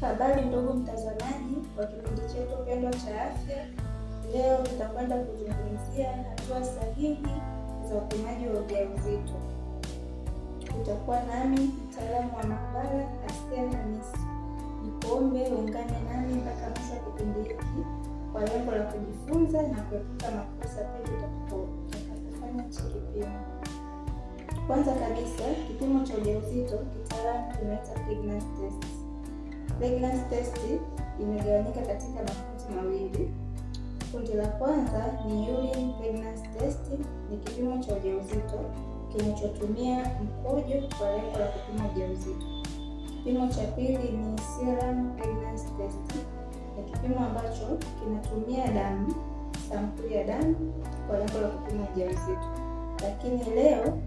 Habari ndugu mtazamaji wa kipindi chetu pendwa cha afya. Leo tutakwenda kuzungumzia hatua sahihi za upimaji wa ujauzito. Utakuwa nami mtaalamu wa maabara Aster Hamisi. Nikuombe uungane nami mpaka mwisho wa kipindi hiki kwa lengo la kujifunza na kuepuka makosa pale utakapofanya kipimo. Kwanza kabisa, kipimo cha ujauzito kitaalamu tunaita pregnancy test. Pregnancy test imegawanyika katika makundi mawili. Kundi la kwanza ni urine pregnancy test, ni kipimo cha ujauzito kinachotumia mkojo kwa lengo la kupima ujauzito. Kipimo cha pili ni serum pregnancy test, ni kipimo ambacho kinatumia damu, sampuli ya damu kwa lengo la kupima ujauzito. Lakini leo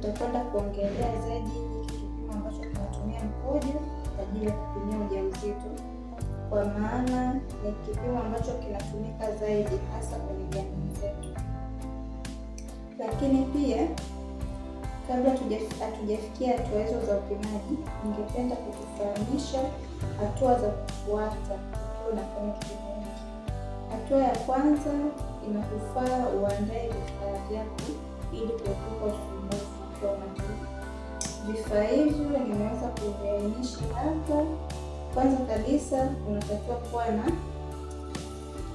tutakwenda kuongelea zaidi hiki kipimo ambacho kinatumia mkojo kwa ajili ya kupimia ujauzito, kwa maana ni kipimo ambacho kinatumika zaidi hasa kwenye jamii zetu. Lakini pia kabla hatujafikia hatua hizo za upimaji, ningependa kutufahamisha hatua za kufuata ukiwa unafanya kipimo hiki. Hatua ya kwanza inakufaa uandae vifaa vyako ili kuepuka usumbufu ukiwa Vifaa hivyo nimeweza kuviainisha hapa. Kwanza kabisa, unatakiwa kuwa na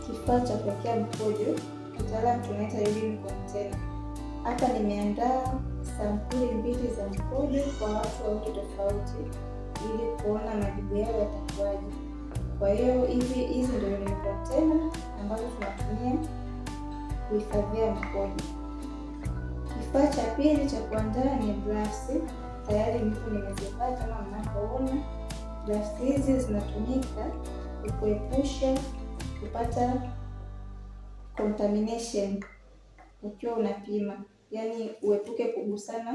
kifaa cha kuwekea mkojo, kitaalamu tunaita urine container. Hapa nimeandaa sampuli mbili za mkojo kwa watu wawili tofauti, ili kuona majibu yao yatakuwaje. Kwa hiyo hivi, hizi ndio urine container ambazo tunatumia kuhifadhia mkojo. Kifaa cha pili cha kuandaa ni brass tayari mtu nimezipata kama mnapoona Glasi hizi zinatumika kuepusha kupata contamination ukiwa unapima, yaani uepuke kugusana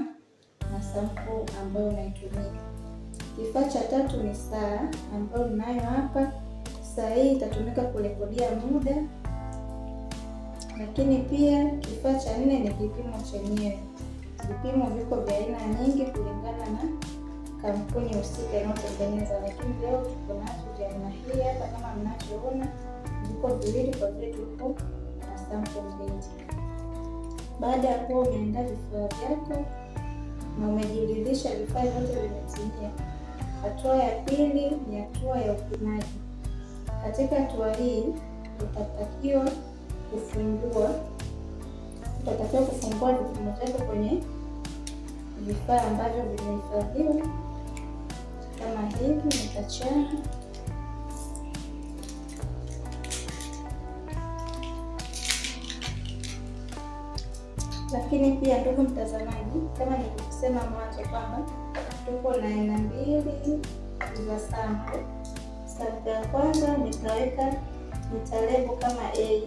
na sampo ambayo unaitumia. Kifaa cha tatu ni saa ambayo ninayo hapa. Saa hii itatumika kurekodia muda, lakini pia kifaa cha nne ni kipimo chenyewe. Vipimo viko vya aina nyingi kulingana na kampuni husika inayotengeneza, lakini leo tuko nacho vya aina hii hapa, kama mnavyoona viko viwili kwa vile tuko na sample mbili. Baada ya kuwa umeandaa vifaa vyako na umejiridhisha vifaa vyote vimetimia, hatua ya pili ni hatua ya upimaji. Katika hatua hii utatakiwa kufungua tutatakiwa kufungua vipimo vyetu kwenye vifaa ambavyo vimehifadhiwa kama hivi. Nitachana lakini pia, ndugu mtazamaji, kama nilivyosema mwanzo kwamba tuko na aina mbili za sampo. Sampo ya kwanza nitaweka, nitalebo kama A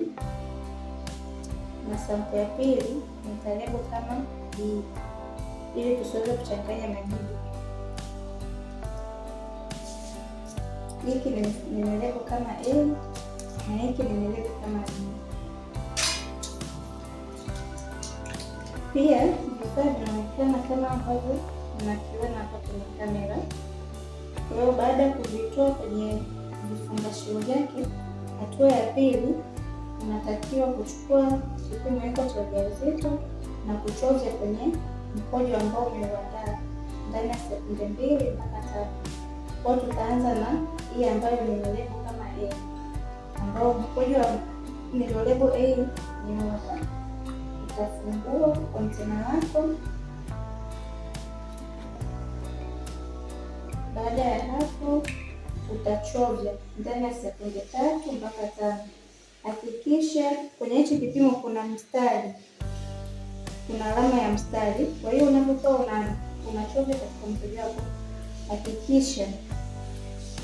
na sauti ya pili ni kama hii, ili tusiweze kuchanganya majibu. Hiki ni kama A na hiki ni kama B. Pia vifaa vinaonekana kama ambavyo unakiona hapa kwenye kamera. Kwa hiyo baada ya kuvitoa kwenye vifungashio vyake, hatua ya pili unatakiwa kuchukua kipimo hiko cha ujauzito na kuchoja kwenye mkojo ambao umeuandaa ndani ya sekunde mbili mpaka tatu. Kwa tutaanza na hii ambayo ni lebo kama A ambao mkojo wa ni lebo A ni hapa. Utafungua kontena lako. Baada ya hapo utachovya ndani ya sekunde tatu mpaka tano hakikisha kwenye hicho kipimo kuna mstari, kuna alama ya mstari. Kwa hiyo unapokuwa una unachonja katika mteja wako, hakikisha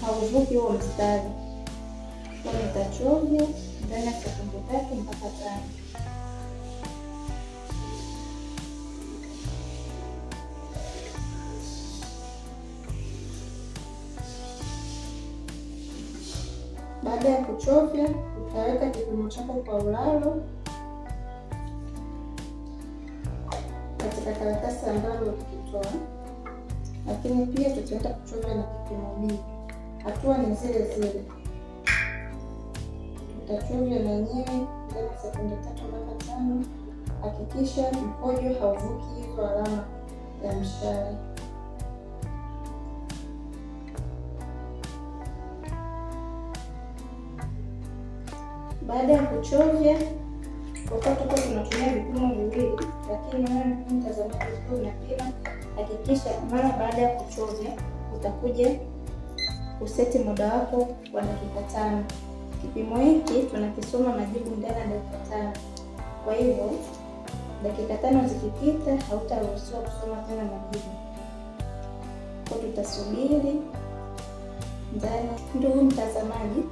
hauvuki huo mstari. Kwa nitachovya ndani ya sekunde tatu mpaka tano. Baada ya kuchovya utaweka kipimo chako kwa ulalo katika karatasi ambalo ukikitoa, lakini pia tutaenda kuchora na kipimo B. Hatua ni zile zile, tutachora mwenyewe ndani ya sekunde tatu mpaka tano. Hakikisha mkojo hauvuki hizo alama ya mshale. Baada ya kuchovya, kwa kuwa tuko tunatumia vipimo viwili, lakini wewe mtazamaji ukiwa unapima, hakikisha mara baada ya kuchovya utakuja useti muda wako wa dakika tano. Kipimo hiki tunakisoma majibu ndani ya dakika tano. Kwa hivyo dakika tano zikipita, hautaruhusiwa kusoma tena majibu, kwa tutasubiri ndani. Ndugu mtazamaji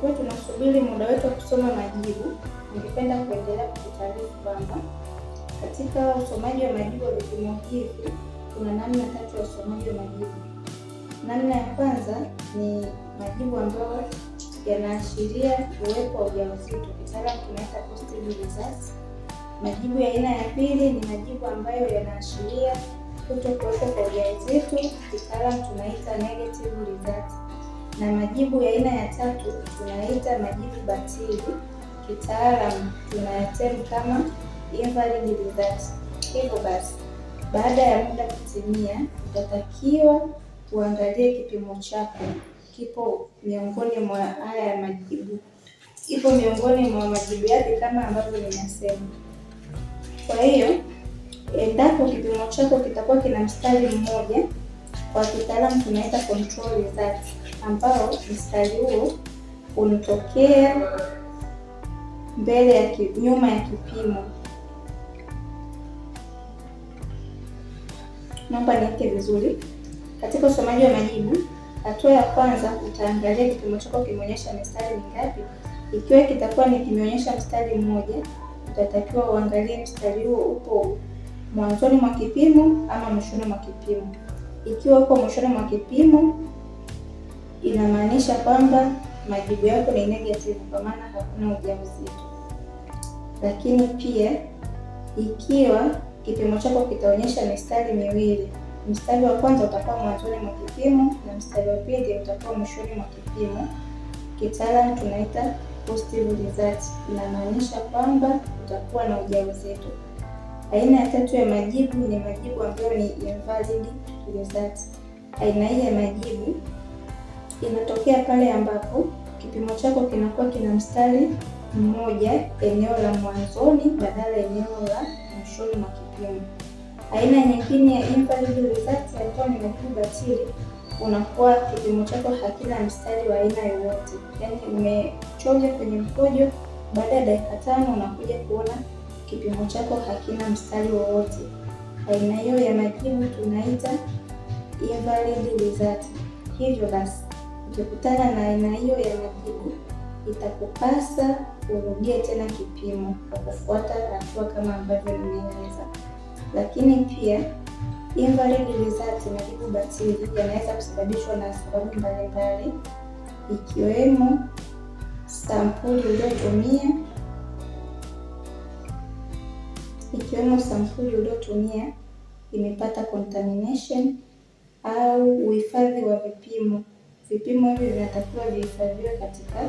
Tukiwa tunasubiri muda wetu wa kusoma majibu, ningependa kuendelea kukutaarifu kwamba katika usomaji wa majibu wa vipimo hivi kuna namna tatu ya usomaji wa majibu. Namna ya kwanza ni majibu ambayo yanaashiria uwepo wa ujauzito, kitaalamu tunaita positive results. Majibu ya aina ya pili ni majibu ambayo yanaashiria kuto kuwepo kwa ujauzito, kitaalamu tunaita negative results na majibu ya aina ya tatu tunaita majibu batili, kitaalamu tunayatemu kama invalid result. Hivyo basi, baada ya muda kutimia, utatakiwa uangalie kipimo chako kipo miongoni mwa haya ya majibu, ipo miongoni mwa majibu yake kama ambavyo ninasema. Kwa hiyo endapo kipimo chako kitakuwa kina mstari mmoja, kwa kitaalamu tunaita control result ambao mstari huu unatokea mbele ya ki, nyuma ya kipimo. Naomba niweke vizuri. Katika usomaji wa majibu, hatua ya kwanza utaangalia kipimo chako kimeonyesha mistari mingapi. Ikiwa kitakuwa ni kimeonyesha mstari mmoja, utatakiwa uangalie mstari huo upo mwanzoni mwa kipimo ama mwishoni mwa kipimo. Ikiwa uko mwishoni mwa kipimo inamaanisha kwamba majibu yako ni negative, kwa maana hakuna ujauzito. Lakini pia ikiwa kipimo chako kitaonyesha mistari miwili, mstari wa kwanza utakuwa mwanzoni mwa kipimo na mstari wa pili utakuwa mwishoni mwa kipimo, kitaalamu tunaita positive result, inamaanisha kwamba utakuwa na ujauzito. Aina ya tatu ya majibu ni majibu ambayo ni invalid result. Aina hii ya majibu inatokea pale ambapo kipimo chako kinakuwa kina mstari mmoja eneo la mwanzoni badala eneo la mwishoni mwa kipimo. Aina nyingine ya invalid results ya kuwa ni majibu batili, unakuwa kipimo chako hakina mstari wa aina yoyote, yaani umechoja kwenye mkojo, baada ya dakika tano unakuja kuona kipimo chako hakina mstari wowote. Aina hiyo ya majibu tunaita invalid result. Hivyo basi Ukikutana na aina hiyo ya majibu, itakupasa urudie tena kipimo kwa kufuata hatua kama ambavyo nimeeleza. Lakini pia invalid results, majibu batili, yanaweza kusababishwa na sababu mbalimbali ikiwemo sampuli uliotumia ikiwemo sampuli uliotumia imepata contamination au uhifadhi wa vipimo Vipimo hivi vinatakiwa vihifadhiwe katika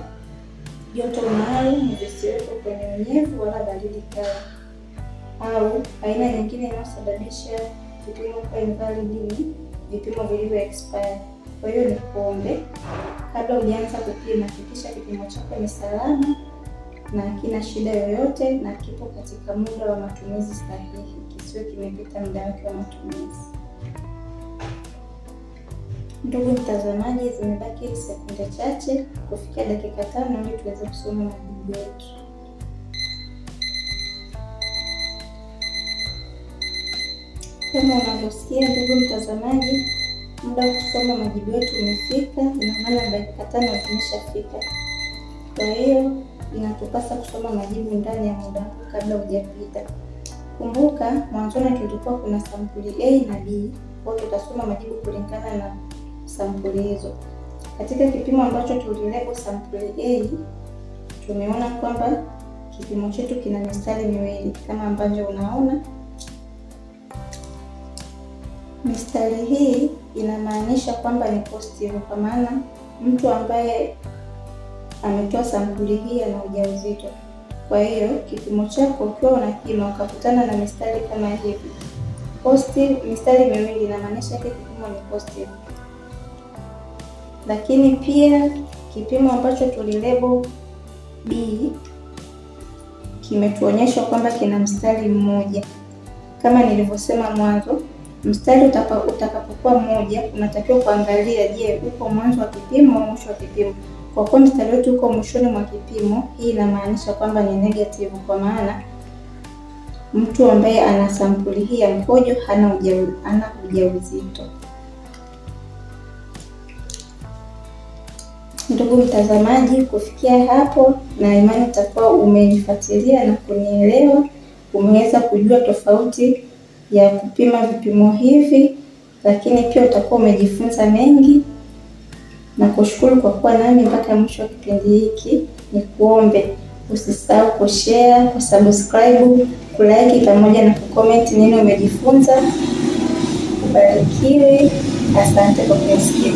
joto maalum, visiwepo kwenye unyevu wala baridi kali, au aina nyingine inayosababisha vipimo kuwa invalid ni vipimo vilivyo expire. Kwa hiyo kuombe kabla hujaanza kupima, hakikisha kipimo chako ni salama na hakina shida yoyote na kipo katika muda wa matumizi sahihi, kisiwe kimepita muda wake wa matumizi. Ndugu mtazamaji, zimebaki sekunde chache kufikia dakika tano ili tuweze kusoma majibu yetu. Kama unavyosikia ndugu mtazamaji, muda wa kusoma majibu yetu umefika, ina maana dakika tano zimeshafika. Kwa hiyo inatupasa kusoma majibu ndani ya muda huu kabla hujapita. Kumbuka mwanzoni tulikuwa kuna sampuli A na B, kwa hiyo tutasoma majibu kulingana na sampuli hizo. Katika kipimo ambacho tulilebo sampuli A, tumeona kwamba kipimo chetu kina mistari miwili kama ambavyo unaona. Mistari hii inamaanisha kwamba ni positive, kwa maana mtu ambaye ametoa sampuli hii ana ujauzito. Kwa hiyo kipimo chako ukiwa unapima ukakutana na mistari kama hivi, positive, mistari miwili inamaanisha hiki kipimo ni positive lakini pia kipimo ambacho tulilebo B kimetuonyesha kwamba kina mstari mmoja. Kama nilivyosema mwanzo, mstari utakapokuwa mmoja, unatakiwa kuangalia, je, uko mwanzo wa kipimo au mwisho wa kipimo? Kwa kuwa mstari wetu uko mwishoni mwa kipimo, hii inamaanisha kwamba ni negative, kwa maana mtu ambaye ana sampuli hii ya mkojo hana ujauzito. Ndugu mtazamaji, kufikia hapo na imani utakuwa umenifuatilia na kunielewa, umeweza kujua tofauti ya kupima vipimo hivi, lakini pia utakuwa umejifunza mengi. Na kushukuru kwa kuwa nami mpaka mwisho wa kipindi hiki. Ni kuombe usisahau kushare, kusubscribe, kulike pamoja na kucomment nini umejifunza. Ubarikiwe. Asante kwa kunisikiliza.